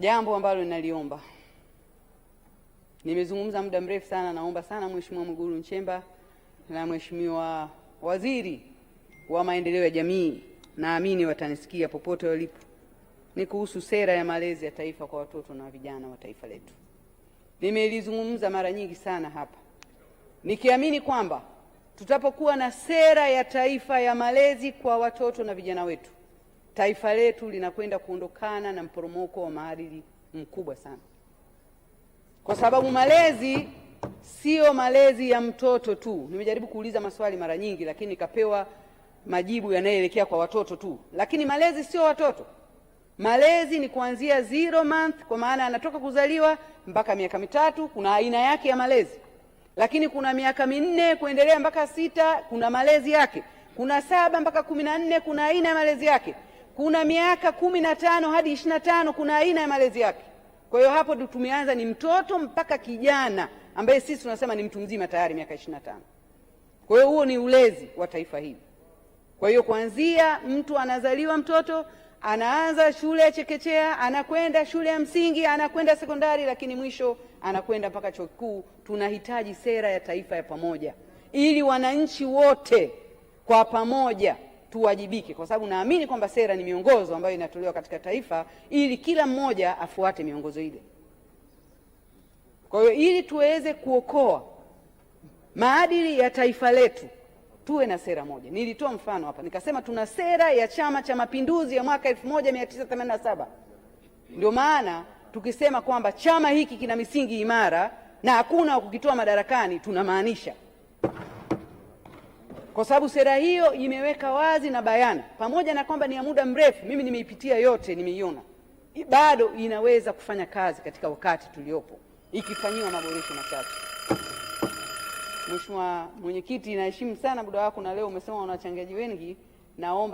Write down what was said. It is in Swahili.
Jambo ambalo naliomba, nimezungumza muda mrefu sana, naomba sana Mheshimiwa Mwigulu Nchemba na Mheshimiwa Waziri wa Maendeleo ya Jamii, naamini watanisikia popote walipo, ni kuhusu sera ya malezi ya taifa kwa watoto na vijana wa taifa letu. Nimelizungumza mara nyingi sana hapa nikiamini kwamba tutapokuwa na sera ya taifa ya malezi kwa watoto na vijana wetu taifa letu linakwenda kuondokana na mporomoko wa maadili mkubwa sana, kwa sababu malezi sio malezi ya mtoto tu. Nimejaribu kuuliza maswali mara nyingi, lakini nikapewa majibu yanayoelekea kwa watoto tu, lakini malezi sio watoto. Malezi ni kuanzia zero month, kwa maana anatoka kuzaliwa mpaka miaka mitatu. Kuna aina yake ya malezi, lakini kuna miaka minne kuendelea mpaka sita, kuna malezi yake. Kuna saba mpaka kumi na nne, kuna aina ya malezi yake kuna miaka kumi na tano hadi ishirini na tano kuna aina ya malezi yake. Kwa hiyo hapo tumeanza ni mtoto mpaka kijana ambaye sisi tunasema ni mtu mzima tayari miaka ishirini na tano. Kwa hiyo huo ni ulezi wa taifa hili. Kwa hiyo kuanzia mtu anazaliwa mtoto anaanza shule ya chekechea, anakwenda shule ya msingi, anakwenda sekondari, lakini mwisho anakwenda mpaka chuo kikuu. Tunahitaji sera ya taifa ya pamoja, ili wananchi wote kwa pamoja tuwajibike, kwa sababu naamini kwamba sera ni miongozo ambayo inatolewa katika taifa ili kila mmoja afuate miongozo ile. Kwa hiyo ili tuweze kuokoa maadili ya taifa letu tuwe na sera moja. Nilitoa mfano hapa nikasema tuna sera ya Chama cha Mapinduzi ya mwaka 1987. Ndio maana tukisema kwamba chama hiki kina misingi imara na hakuna wa kukitoa madarakani tunamaanisha kwa sababu sera hiyo imeweka wazi na bayana, pamoja na kwamba ni ya muda mrefu, mimi nimeipitia yote, nimeiona, bado inaweza kufanya kazi katika wakati tuliopo ikifanyiwa maboresho machache. Mheshimiwa Mwenyekiti, naheshimu sana muda wako, na leo umesema wanawachangiaji wengi, naomba